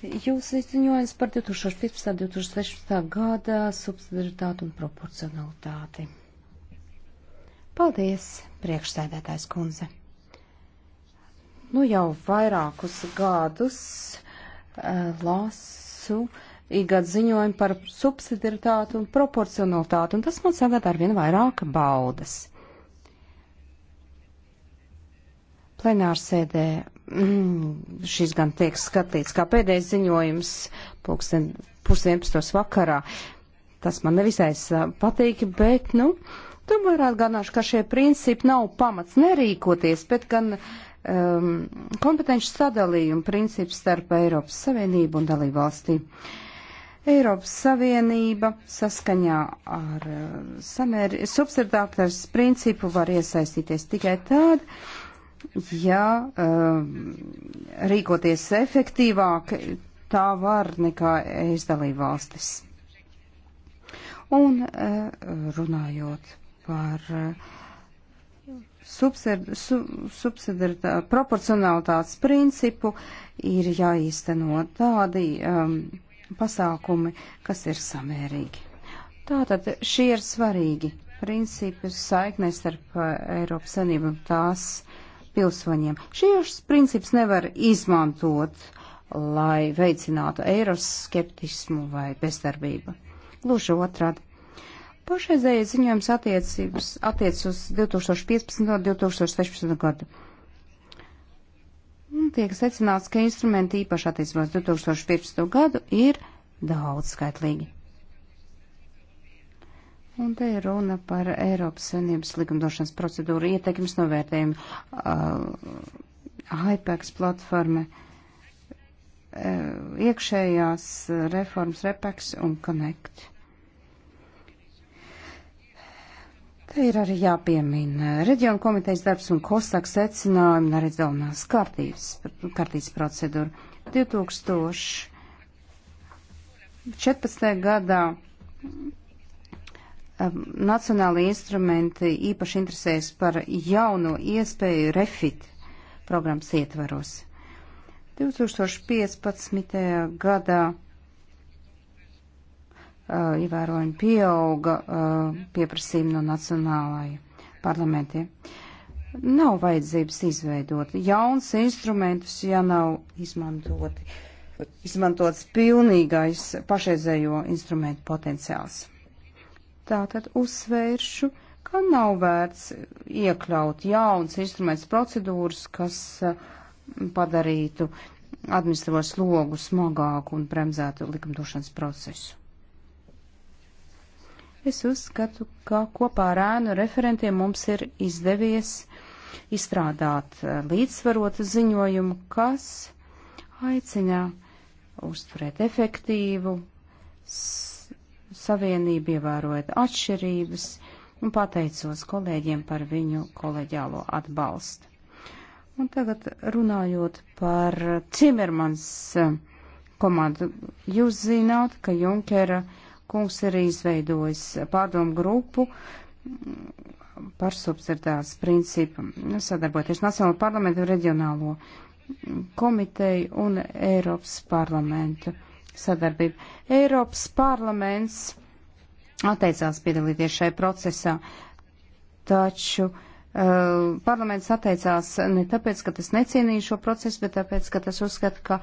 Jūsu ziņojums par 2015. un 2016. gada subsidiaritātu un proporcionalitāti. Paldies, priekšsēdētājs kundze. Nu jau vairākus gadus uh, lasu igad ziņojumu par subsidiaritātu un proporcionalitāti, un tas man sagad arvien vairāk baudas. Plenārsēdē Mm, šis gan tiek skatīts kā pēdējais ziņojums pulksten pusdienas vakarā. Tas man nevisai patīk, bet, nu, tomēr atgādināšu, ka šie principi nav pamats nerīkoties, bet gan um, kompetenci sadalījuma princips starp Eiropas Savienību un dalību valstīm. Eiropas Savienība saskaņā ar uh, samēri, subsidātars principu var iesaistīties tikai tādā, ja um, rīkoties efektīvāk, tā var nekā es dalību valstis. Un uh, runājot par uh, subsidiaritā, proporcionalitātes principu, ir jāīsteno tādi um, pasākumi, kas ir samērīgi. Tātad šie ir svarīgi principi saiknēs starp uh, Eiropas Sanību un tās pilsoņiem. Šīs princips nevar izmantot, lai veicinātu eiroskeptismu vai bezdarbību. Gluži otrādi. Pašreizējais ziņojums attiecības attiec uz 2015. un 2016. gadu. Nu, tiek secināts, ka instrumenti īpaši attiecībās 2015. gadu ir daudz skaitlīgi. Un te ir runa par Eiropas Savienības likumdošanas procedūru ietekmes novērtējumu. Uh, HIPEX platforma, uh, iekšējās reformas REPEX un CONNECT. Te ir arī jāpiemina reģionu komitejas darbs un kosāk secinājumi, arī dzelnās kārtības, kārtības procedūra. 2014. gadā nacionālajie instrumenti īpaši interesēs par jauno iespēju refit programmas ietvaros. 2015. gadā uh, ievērojami pieauga uh, pieprasījumi no nacionālajiem parlamentiem. Nav vajadzības izveidot jauns instrumentus, ja nav izmantoti, izmantots pilnīgais pašreizējo instrumentu potenciāls. Tātad uzsvēršu, ka nav vērts iekļaut jauns instruments procedūras, kas eh, padarītu administratīvo slogu smagāku un bremzētu likumdošanas procesu. Es uzskatu, ka kopā ar ēnu referentiem mums ir izdevies izstrādāt eh, līdzsvarotu ziņojumu, kas aicina uzturēt efektīvu, Savienību, ievērojot atšķirības un pateicos kolēģiem par viņu kolēģālo atbalstu. Un tagad runājot par Cimermans eh, komandu, jūs zināt, ka Junkera kungs ir izveidojis pārdomu grupu mm, par subsidās principu nu, sadarboties Nacionālo parlamentu, reģionālo komiteju un Eiropas parlamentu sadarbību. Eiropas parlaments atteicās piedalīties šajā procesā, taču uh, parlaments atteicās ne tāpēc, ka tas necienīja šo procesu, bet tāpēc, ka tas uzskata, ka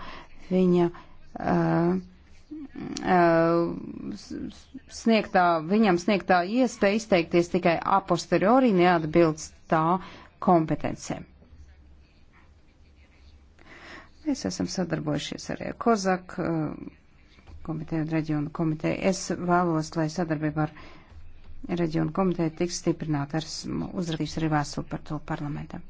viņa uh, uh, sniegtā, viņam sniegtā iespēja izteikties tikai a posteriori neatbilst tā kompetencēm. Mēs esam sadarbojušies arī ar Kozak. Uh, komiteju un reģionu komiteju. Es vēlos, lai sadarbība ar reģionu komiteju tiks stiprināta. Esmu uzrakstījis arī vēstuli par to parlamentam.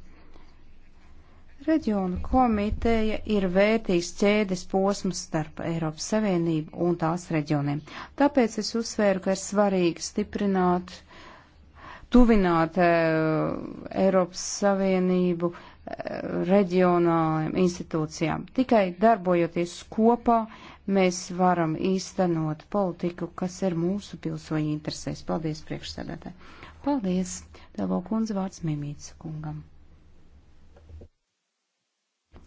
Reģionu komiteja ir vērtīgs ķēdes posms starp Eiropas Savienību un tās reģioniem. Tāpēc es uzsvēru, ka ir svarīgi stiprināt, tuvināt e, Eiropas Savienību e, reģionālajām institūcijām. Tikai darbojoties kopā, mēs varam īstenot politiku, kas ir mūsu pilsoņu interesēs. Paldies, priekšsēdētāji. Paldies, Tēlo kundze vārds Mimīts kungam.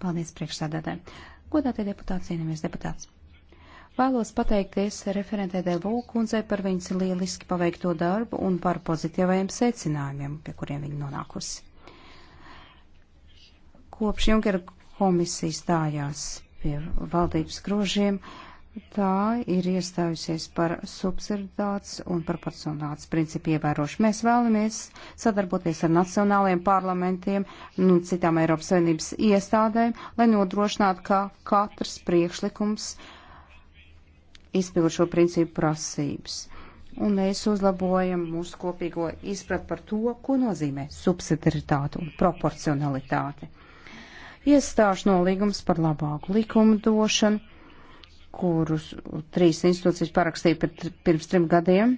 Paldies, priekšsēdētāji. Godātie deputāti, cienījamies deputāts. Vēlos pateikties referentē Dēlvo kundzei par viņas lieliski paveikto darbu un par pozitīvajiem secinājumiem, pie kuriem viņa nonākusi. Kopš Junkera komisija stājās pie valdības grožiem. Tā ir iestājusies par subsidāts un par personāts principu ievērošu. Mēs vēlamies sadarboties ar nacionāliem parlamentiem un citām Eiropas Savienības iestādēm, lai nodrošinātu, ka katrs priekšlikums izpild šo principu prasības. Un mēs uzlabojam mūsu kopīgo izprat par to, ko nozīmē subsidaritāte un proporcionalitāte iestāžu nolīgums par labāku likumdošanu, kurus trīs institūcijas parakstīja pirms trim gadiem,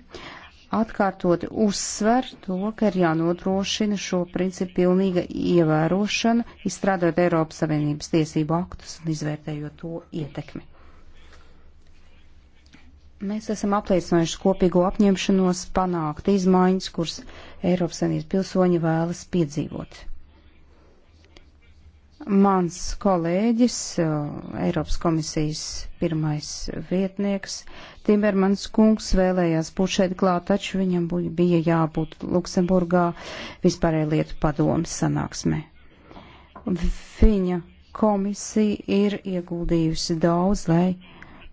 atkārtoti uzsver to, ka ir jānodrošina šo principu pilnīga ievērošana, izstrādājot Eiropas Savienības tiesību aktus un izvērtējot to ietekmi. Mēs esam apliecinājuši kopīgo apņemšanos panākt izmaiņas, kuras Eiropas Savienības pilsoņi vēlas piedzīvot. Mans kolēģis, Eiropas komisijas pirmais vietnieks, Timermans kungs vēlējās būt šeit klāt, taču viņam bija jābūt Luksemburgā vispārēj lietu padomas sanāksmē. Viņa komisija ir ieguldījusi daudz, lai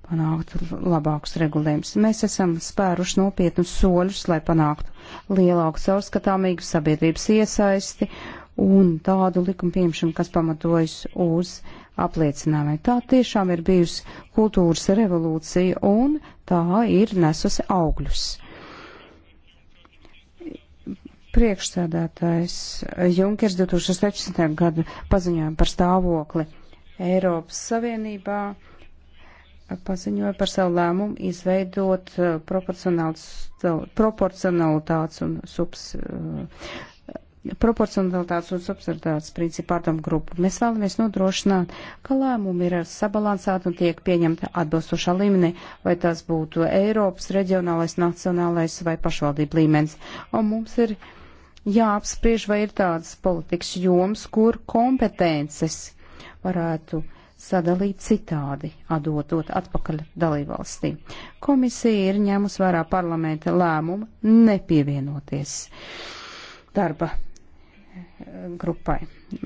panāktu labākus regulējumus. Mēs esam spēruši nopietnus soļus, lai panāktu lielāku caurskatāmīgu sabiedrības iesaisti un tādu likumu pieņemšanu, kas pamatojas uz apliecinājumiem. Tā tiešām ir bijusi kultūras revolūcija un tā ir nesusi augļus. Priekšsēdētājs Junkers 2016. gadu paziņoja par stāvokli Eiropas Savienībā paziņoja par savu lēmumu izveidot eh, proporcionalitātes un subs, proporcionalitātes un subsidiaritātes principu pārdomu grupu. Mēs vēlamies nodrošināt, ka lēmumi ir sabalansēti un tiek pieņemti atbilstošā līmenī, vai tas būtu Eiropas, reģionālais, nacionālais vai pašvaldību līmenis. Un mums ir jāapspriež, vai ir tādas politikas joms, kur kompetences varētu sadalīt citādi, atdotot atpakaļ dalībvalstī. Komisija ir ņēmus vērā parlamenta lēmumu nepievienoties darba grupai.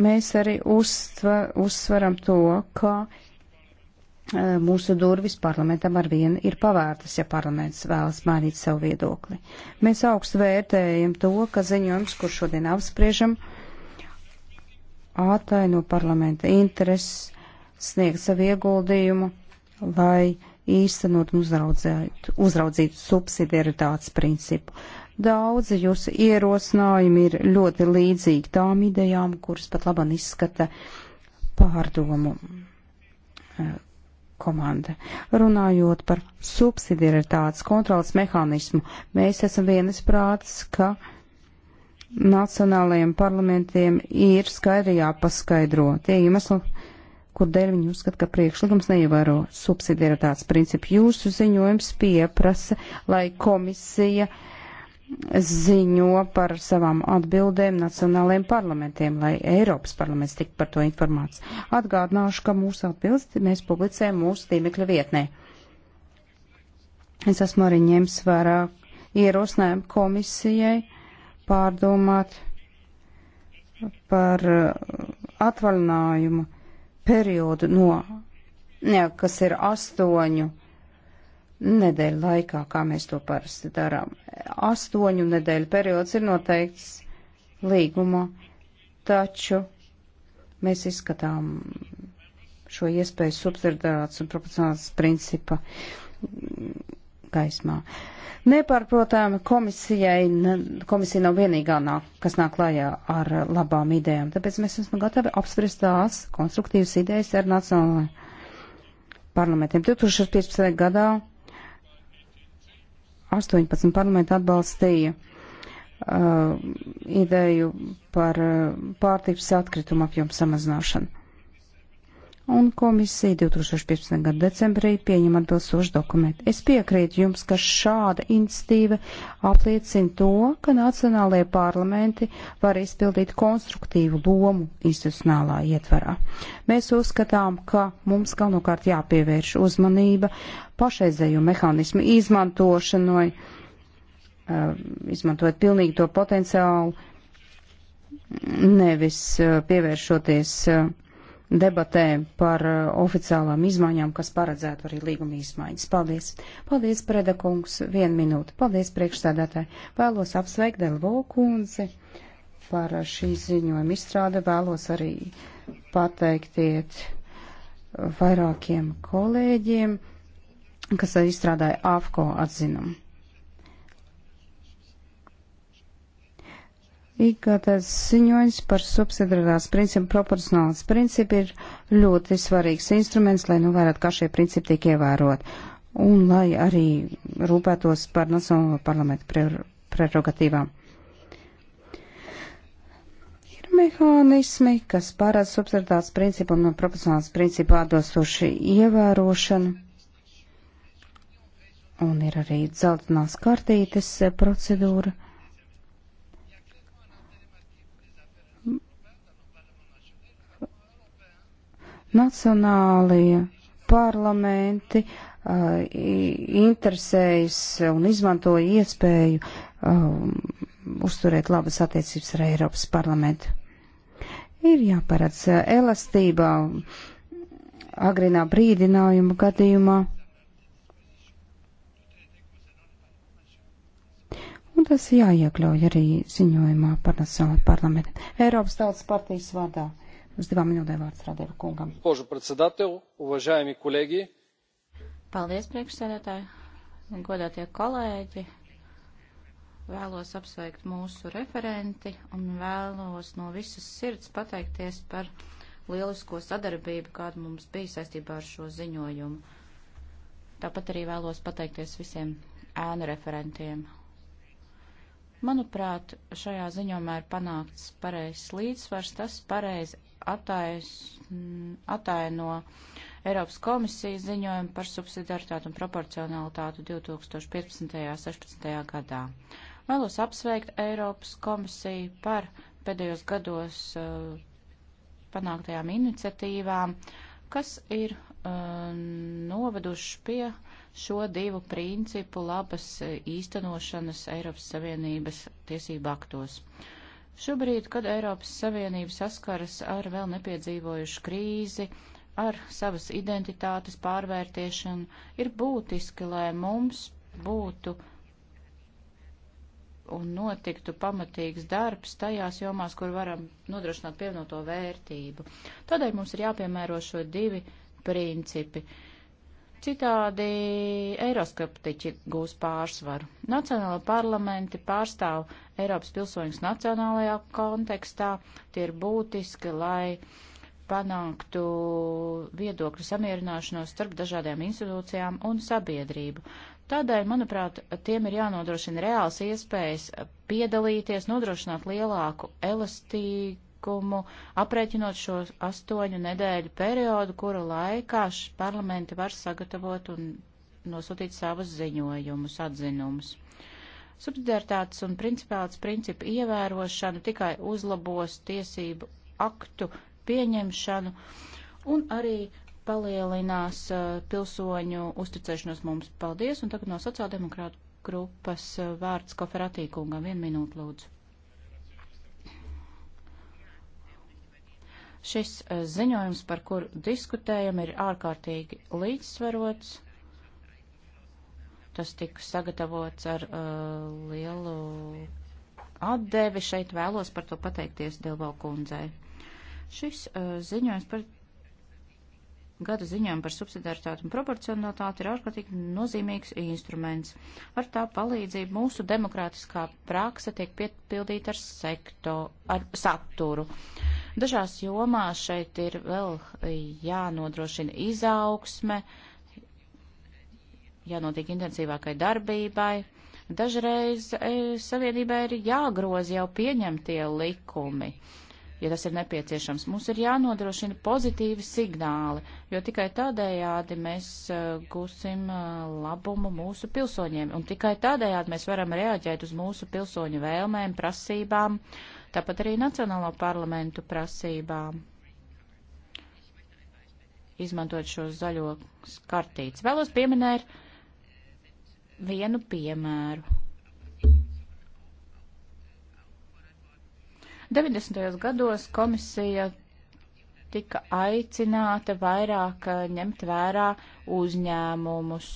Mēs arī uztver, uzsveram to, ka e, mūsu durvis parlamentam ar vienu ir pavērtas, ja parlaments vēlas mainīt savu viedokli. Mēs augstu vērtējam to, ka ziņojums, kur šodien apspriežam, ataino parlamenta intereses, sniegt savu ieguldījumu, lai īstenot un uzraudzītu, uzraudzītu subsidiaritātes principu. Uh, Daudzi jūsu ierosinājumi ir ļoti līdzīgi tām idejām, kuras pat laban izskata pārdomu eh, komanda. Runājot par subsidiaritātes kontrolas mehānismu, mēs esam vienas prātas, ka nacionālajiem parlamentiem ir skaidri jāpaskaidro tie iemesli, kur dēļ viņi uzskata, ka priekšlikums neievēro subsidiaritātes principu. Jūsu ziņojums pieprasa, lai komisija uh, ziņo par savām atbildēm nacionālajiem parlamentiem, lai Eiropas parlaments tik par to informāts. Atgādināšu, ka mūsu atbildi mēs publicējam mūsu tīmekļa vietnē. Es esmu arī ņēmis vērā ierosinājumu komisijai pārdomāt par uh, atvaļinājumu periodu no, jā, kas ir astoņu nedēļu laikā, kā mēs to parasti darām. Astoņu nedēļu periods ir noteikts līgumā, taču mēs izskatām šo iespēju subsidiārāts un proporcionāls principa gaismā. Nepārprotami komisijai, komisija nav vienīgā, nāk, kas nāk klājā ar labām idejām, tāpēc mēs esam gatavi apspriest tās konstruktīvas idejas ar nacionālajiem parlamentiem. 2015. gadā 18 parlamenta atbalstīja uh, ideju par uh, pārtiks atkritumu apjomu samazināšanu un komisija 2015. gada decembrī pieņem atbilstošu dokumentu. Es piekrītu jums, ka šāda institīva apliecina to, ka nacionālajie parlamenti var izpildīt konstruktīvu lomu institucionālā ietvarā. Mēs uzskatām, ka mums galvenokārt jāpievērš uzmanība pašreizējo mehānismu izmantošanai, uh, izmantojot pilnīgi to potenciālu, nevis uh, pievēršoties uh, debatēm par uh, oficiālām izmaiņām, kas paredzētu arī līguma izmaiņas. Paldies! Paldies, Preda kungs! Vienu minūti! Paldies, priekšstādātāji! Vēlos apsveikt Delvo kundzi par uh, šī ziņojuma izstrāde. Vēlos arī pateiktiet uh, vairākiem kolēģiem, kas izstrādāja AFCO atzinumu. Ikgadās ziņojums par subsidiarās principu proporcionāls principu ir ļoti svarīgs instruments, lai novērētu, nu kā šie principi tiek ievērot, un lai arī rūpētos par Nacionālo parlamentu prerogatīvām. Ir mehānismi, kas pārāda subsidiarās principu un no proporcionāls principu atbilstoši ievērošanu, un ir arī dzeltenās kartītes procedūra Nacionālie parlamenti uh, interesējas un izmantoja iespēju um, uzturēt labas attiecības ar Eiropas parlamentu. Ir jāparedz elastībā, agrinā brīdinājuma gadījumā. Un tas jāiekļauj arī ziņojumā par nacionālo parlamentu. Eiropas tautas partijas vārdā. Uz divām minūtēm vārds Rādēva kungam. Požu predsedatelu, uvažājumi kolēģi. Paldies, priekšsēdētāji. Godātie kolēģi, vēlos apsveikt mūsu referenti un vēlos no visas sirds pateikties par lielisko sadarbību, kāda mums bija saistībā ar šo ziņojumu. Tāpat arī vēlos pateikties visiem ēnu referentiem Manuprāt, šajā ziņojumā ir panākts pareizs līdzsvars, tas pareizi attais, ataino Eiropas komisijas ziņojumu par subsidiaritātu un proporcionalitātu 2015. un 16. gadā. Vēlos apsveikt Eiropas komisiju par pēdējos gados uh, panāktajām iniciatīvām, kas ir uh, noveduši pie šo divu principu labas uh, īstenošanas Eiropas Savienības tiesību aktos. Uh, Šobrīd, kad Eiropas Savienība saskaras ar vēl nepiedzīvojušu krīzi, ar savas identitātes pārvērtiešanu, ir būtiski, lai mums būtu un notiktu pamatīgs darbs tajās jomās, kur varam nodrošināt pievienoto vērtību. Tādēļ mums ir jāpiemēro šo divi principi. Uh, Citādi eiroskeptiķi gūs pārsvaru. Nacionāla parlamenti pārstāv Eiropas pilsoņus nacionālajā kontekstā. Tie ir būtiski, lai panāktu viedokļu samierināšanos starp dažādām institūcijām un sabiedrību. Tādēļ, manuprāt, tiem ir jānodrošina reāls iespējas piedalīties, nodrošināt lielāku elastību priekšlikumu, aprēķinot šo astoņu nedēļu periodu, kura laikā parlamenti var sagatavot un nosūtīt savus ziņojumus, atzinumus. Subsidiaritātes un principāls principu ievērošana tikai uzlabos tiesību aktu pieņemšanu un arī palielinās uh, pilsoņu uzticēšanos mums. Paldies, un tagad no sociāldemokrātu grupas eh, vārds Koferatī kungam. Vienu minūtu lūdzu. Šis eh, ziņojums, par kuru diskutējam, ir ārkārtīgi līdzsvarots. Tas tika sagatavots ar uh, lielu atdevi. Šeit vēlos par to pateikties Dilbau kundzei. Šis uh, ziņojums par gada ziņojumu par subsidiaritāti un proporcionalitāti ir ārkārtīgi nozīmīgs instruments. Ar tā palīdzību mūsu demokrātiskā praksa tiek piepildīta ar, sekto, ar saturu. Uh, Dažās jomās šeit ir vēl jānodrošina izaugsme, jānotiek intensīvākai darbībai. Dažreiz e, savienībai ir jāgroza jau pieņemtie likumi ja tas ir nepieciešams. Mums ir jānodrošina pozitīvi signāli, jo tikai tādējādi mēs uh, gūsim uh, labumu mūsu pilsoņiem, un tikai tādējādi mēs varam reaģēt uz mūsu pilsoņu vēlmēm, prasībām tāpat arī Nacionālo parlamentu prasībām izmantot šo zaļo kartītes. Vēlos pieminēt vienu piemēru. 90. gados komisija tika aicināta vairāk ņemt vērā uzņēmumus.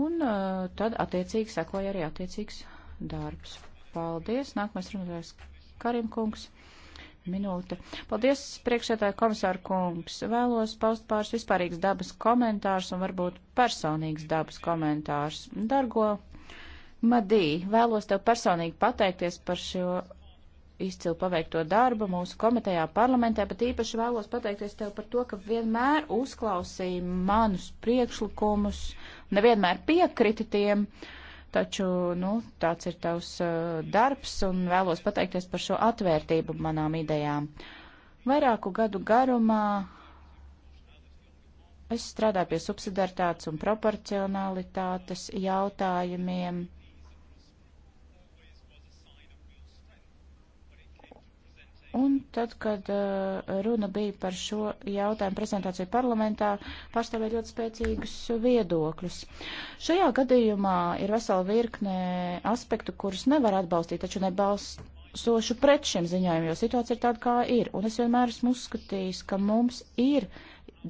Un uh, tad attiecīgi sekoja arī attiecīgs darbs. Paldies. Nākamais runātājs Karim Kungs. Minūte. Paldies, priekšētāja komisāra kungs. Vēlos paust pāris vispārīgs dabas komentārs un varbūt personīgs dabas komentārs. Dargo Madī, vēlos tev personīgi pateikties par šo izcilu paveikto darbu mūsu komitejā parlamentē, bet īpaši vēlos pateikties tev par to, ka vienmēr uzklausīji manus priekšlikumus, nevienmēr piekriti tiem. Uh, taču nu, tāds ir tavs eh, darbs un vēlos pateikties par šo atvērtību manām idejām. Vairāku gadu garumā es strādāju pie subsidiaritātes un proporcionalitātes jautājumiem Un tad, kad eh, runa bija par šo jautājumu prezentāciju parlamentā, pārstāvēja ļoti spēcīgus viedokļus. Šajā gadījumā ir vesela virkne aspektu, kurus nevar atbalstīt, taču nebalsošu pret šiem ziņojumiem, jo situācija ir tāda, kā ir. Un es vienmēr esmu uzskatījis, ka mums ir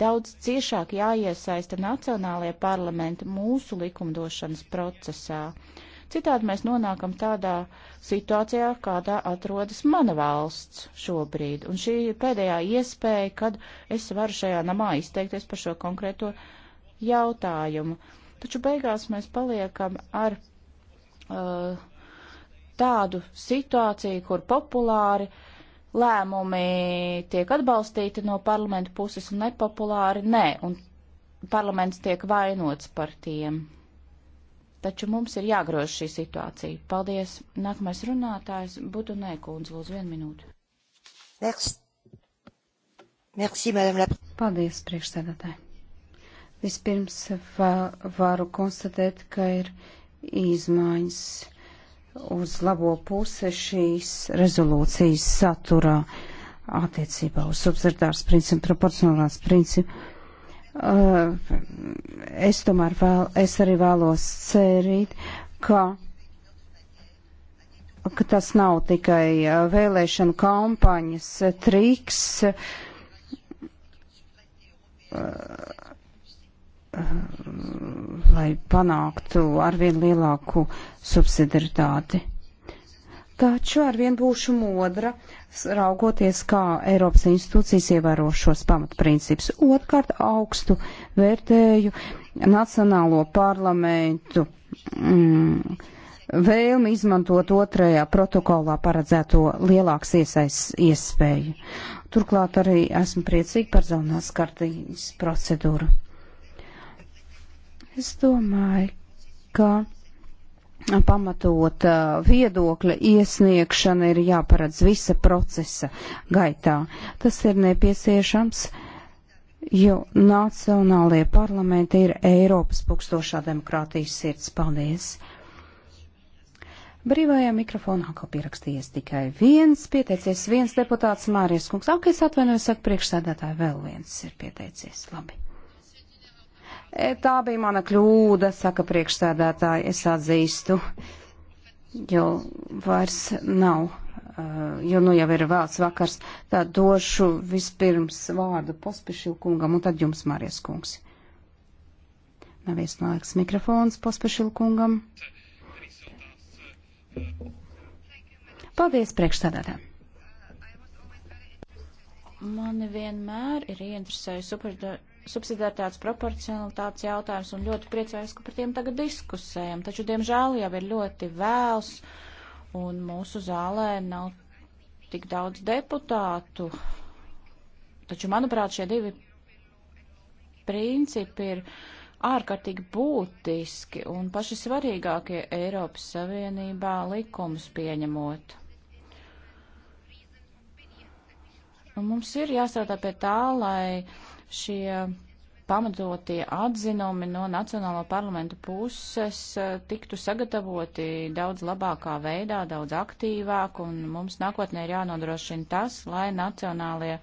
daudz ciešāk jāiesaista nacionālajie parlamenti mūsu likumdošanas procesā. Uh, Citādi mēs nonākam tādā situācijā, kādā atrodas mana valsts šobrīd. Un šī ir pēdējā iespēja, kad es varu šajā namā izteikties par šo konkrēto jautājumu. Taču beigās mēs paliekam ar uh, tādu situāciju, kur populāri uh, lēmumi tiek atbalstīti no parlamenta puses un nepopulāri nē, un parlaments tiek vainots par tiem. Taču mums ir jāgrož šī situācija. Paldies. Nākamais runātājs būtu Nēkūns. Lūdzu, vienu minūtu. Merci. Merci, madame la. Paldies, priekšsēdētāji. Vispirms varu konstatēt, ka ir izmaiņas uz labo pusi šīs rezolūcijas saturā attiecībā uz subsidiārs principu, proporcionālās principu Eh, es tomēr vēl, es arī vēlos cerīt, ka ka tas nav tikai eh, vēlēšanu kampaņas eh, triks, lai panāktu arvien lielāku subsidaritāti. Taču arvien būšu modra, raugoties, kā Eiropas institūcijas ievēro šos pamatprincipus. Otkārt, augstu vērtēju Nacionālo parlamentu mm, vēlmi izmantot otrajā protokolā paredzēto lielāks iesaists iespēju. Turklāt arī esmu priecīgi par zelnās kartīņas procedūru. Es domāju, ka pamatot viedokļa iesniegšana ir jāparedz visa procesa gaitā. Tas ir nepieciešams, jo nacionālajie parlamenti ir Eiropas pukstošā demokrātijas sirds. Paldies! Brīvajā mikrofonā, ko pierakstījies tikai viens, pieteicies viens deputāts Mārijas kungs. Ak, es atvainojos, saka priekšsēdētāji, vēl viens ir pieteicies. Labi. E, tā bija mana kļūda, saka priekšsēdētāji, es atzīstu, jo vairs nav, e, jo nu jau ir vēls vakars. Tad došu vispirms vārdu Pospišilu kungam un tad jums, Marijas kungs. Nav ieslēgts mikrofons Pospišilu kungam. Paldies priekšsēdētājiem! Mani vienmēr ir ieinteresējusi superdarbība subsidiaritātes proporcionalitātes jautājums un ļoti priecājos, ka par tiem tagad diskusējam. Taču, diemžēl, jau ir ļoti vēls un mūsu zālē nav tik daudz deputātu. Taču, manuprāt, šie divi principi ir ārkārtīgi būtiski un paši svarīgākie Eiropas Savienībā likumus pieņemot. Un mums ir jāstrādā pie tā, lai šie pamatotie atzinumi no Nacionālo parlamentu puses eh, tiktu sagatavoti daudz labākā veidā, daudz aktīvāk, un mums nākotnē ir jānodrošina tas, lai nacionālie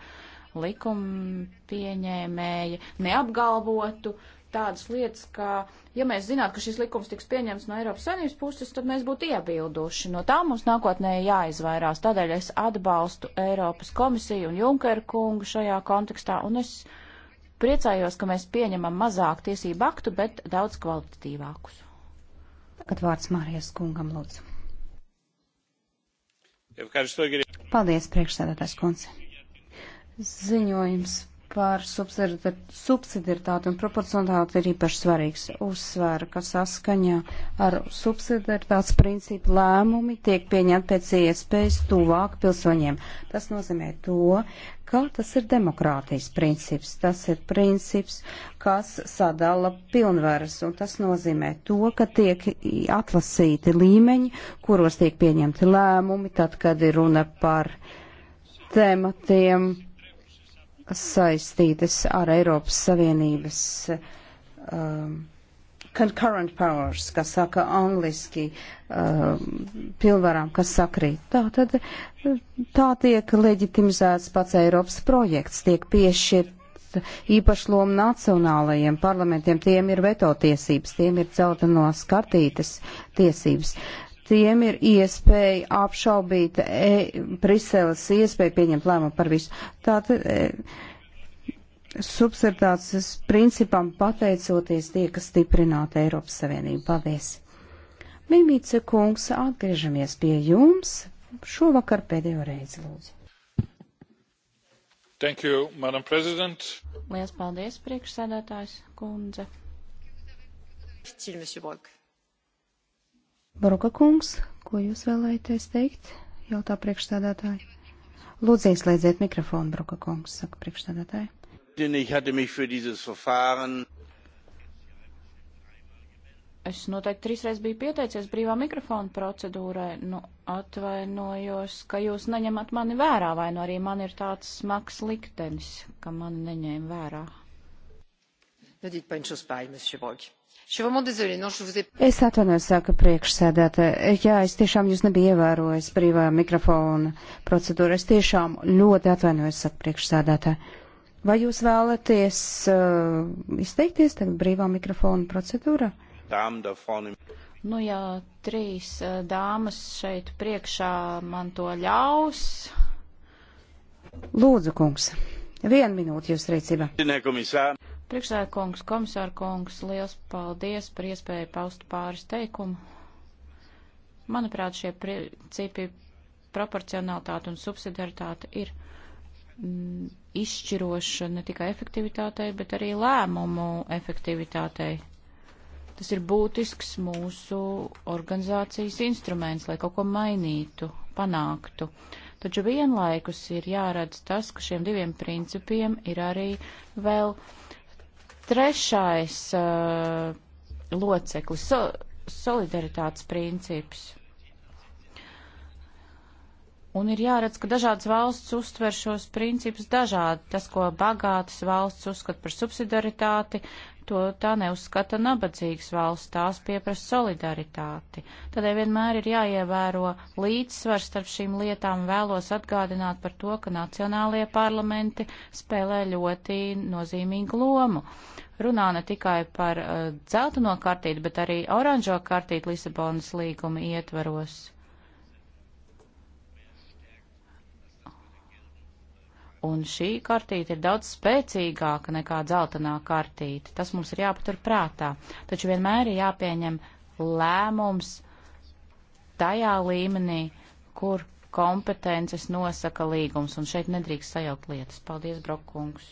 likuma pieņēmēji neapgalvotu tādas lietas, ka, ja mēs zinātu, ka šis likums tiks pieņemts no Eiropas Savienības puses, tad mēs būtu iebilduši. No tā mums nākotnē jāizvairās. Tādēļ es atbalstu Eiropas komisiju un Junkeru kungu šajā kontekstā, un es Priecājos, ka mēs pieņemam mazāk tiesību aktu, bet daudz kvalitatīvākus. Tagad vārds Mārijas kungam lūdzu. Paldies, priekšsēdētājs kundze. Ziņojums par subsidiaritāti un proporcionalitāti ir īpaši svarīgs. Uzsvēra, ka saskaņā ar subsidiaritātes principu lēmumi tiek pieņemti pēc iespējas tuvāk pilsoņiem. Tas nozīmē to, ka tas ir demokrātijas princips. Tas ir princips, kas sadala pilnvaras, un tas nozīmē to, ka tiek atlasīti līmeņi, kuros tiek pieņemti lēmumi, tad, kad ir runa par tematiem saistītas ar Eiropas Savienības um, concurrent powers, kas saka angliski, um, pilvarām, kas sakrīt. Tā tad tā tiek leģitimizēts pats Eiropas projekts, tiek piešķirt īpaši lomu nacionālajiem parlamentiem, tiem ir veto tiesības, tiem ir dzeltenos kartītes tiesības. Uh, tiem ir iespēja apšaubīt e, Briseles iespēju pieņemt lēmumu par visu. Tātad e, subsidācijas principam pateicoties tie, kas stiprināta Eiropas Savienība. Paldies! Mimīce kungs, atgriežamies pie jums šovakar pēdējo reizi, lūdzu. Thank you, Madam President. Lielas paldies, priekšsēdētājs kundze. Stil, Broka kungs, ko jūs vēlēties teikt? Jautā priekšstādātāji. Lūdzu, ieslēdziet mikrofonu, Broka kungs, saka priekšstādātāji. Es noteikti trīsreiz biju pieteicies brīvā mikrofona procedūrai. Nu, atvainojos, ka jūs neņemat mani vērā, vai nu arī man ir tāds smags liktenis, ka mani neņēma vērā. Ne dites pas une chose pareille, monsieur Brock. Es atvainojos, saka priekšsēdētāja. Jā, es tiešām jūs nebiju ievērojis brīvā mikrofona procedūra. Es tiešām ļoti atvainojos, saka priekšsēdētāja. Vai jūs vēlaties uh, izteikties tagad brīvā mikrofona procedūra? Nu jā, trīs uh, dāmas šeit priekšā man to ļaus. Lūdzu, kungs, vienu minūti jūs rīcībā. Priekšsēkungs, komisārkungs, liels paldies par iespēju paust pāris teikumu. Manuprāt, šie principi proporcionalitāte un subsidiaritāte ir mm, izšķiroša ne tikai efektivitātei, bet arī lēmumu efektivitātei. Tas ir būtisks mūsu organizācijas instruments, lai kaut ko mainītu, panāktu. Taču vienlaikus ir jāredz tas, ka šiem diviem principiem ir arī vēl Trešais uh, loceklis so, - solidaritātes princips. Un ir jāredz, ka dažādas valsts uztver šos principus dažādi. Tas, ko bagātas valsts uzskata par subsidiaritāti, to tā neuzskata nabadzīgas valsts, tās pieprasa solidaritāti. Tādēļ vienmēr ir jāievēro līdzsvars starp šīm lietām vēlos atgādināt par to, ka nacionālie parlamenti spēlē ļoti nozīmīgu lomu. Runā ne tikai par uh, dzelteno kartīti, bet arī oranžo kartīti Lisabonas līguma ietvaros. Un šī kartīte ir daudz spēcīgāka nekā dzeltenā kartīte. Tas mums ir jāpatur prātā. Taču vienmēr ir jāpieņem lēmums tajā līmenī, kur kompetences nosaka līgums, un šeit nedrīkst sajaukt lietas. Paldies, Brokungs.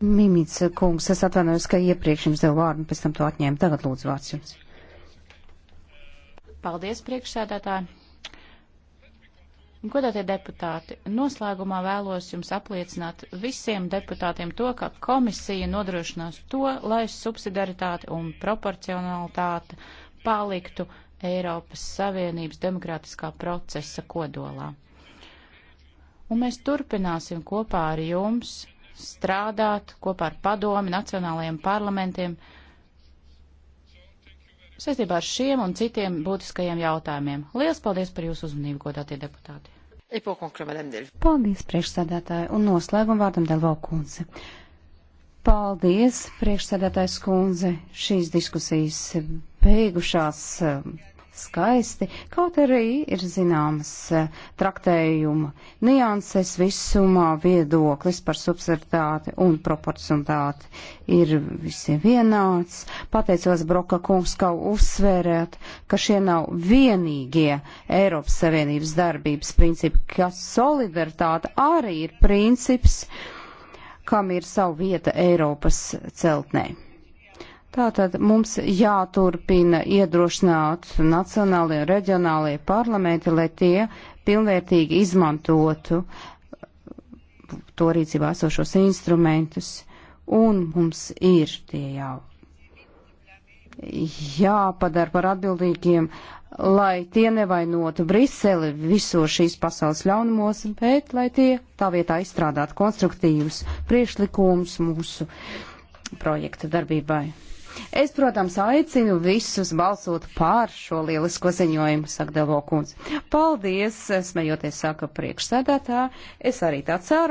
Mimits kungs, es atvainojos, ka iepriekš jums devu vārdu, pēc tam to atņēmu. Tagad lūdzu vārds jums. Paldies, priekšsēdētāji. Godātie deputāti, noslēgumā vēlos jums apliecināt visiem deputātiem to, ka komisija nodrošinās to, lai subsidaritāte un proporcionalitāte paliktu Eiropas Savienības demokrātiskā procesa kodolā. Un mēs turpināsim kopā ar jums strādāt, kopā ar padomi, nacionālajiem parlamentiem, saistībā ar šiem un citiem būtiskajiem jautājumiem. Lielas paldies par jūsu uzmanību, godātie deputāti! Paldies, priekšsēdētāji, un noslēguma vārdam Delvo kundze. Paldies, priekšsēdētājs kundze, šīs diskusijas beigušās skaisti, kaut arī ir zināmas eh, traktējuma nianses visumā viedoklis par subsidiāti un proporcionāti ir visiem vienāds. Pateicos Broka kungs, ka uzsvērēt, ka šie nav vienīgie Eiropas Savienības darbības principi, ka solidaritāte arī ir princips, kam ir savu vieta Eiropas celtnē. Tātad mums jāturpina iedrošināt nacionālajie un reģionālajie parlamenti, lai tie pilnvērtīgi izmantotu to rīcībā esošos instrumentus, un mums ir tie jau jāpadara par atbildīgiem, lai tie nevainotu Briseli viso šīs pasaules ļaunumos, bet lai tie tā vietā izstrādātu konstruktīvus priekšlikumus mūsu projekta darbībai. Es, protams, aicinu visus balsot pār šo lielisko ziņojumu, saka Davo kundze. Paldies, smejoties, saka priekšsēdētā. Es arī tā ceru.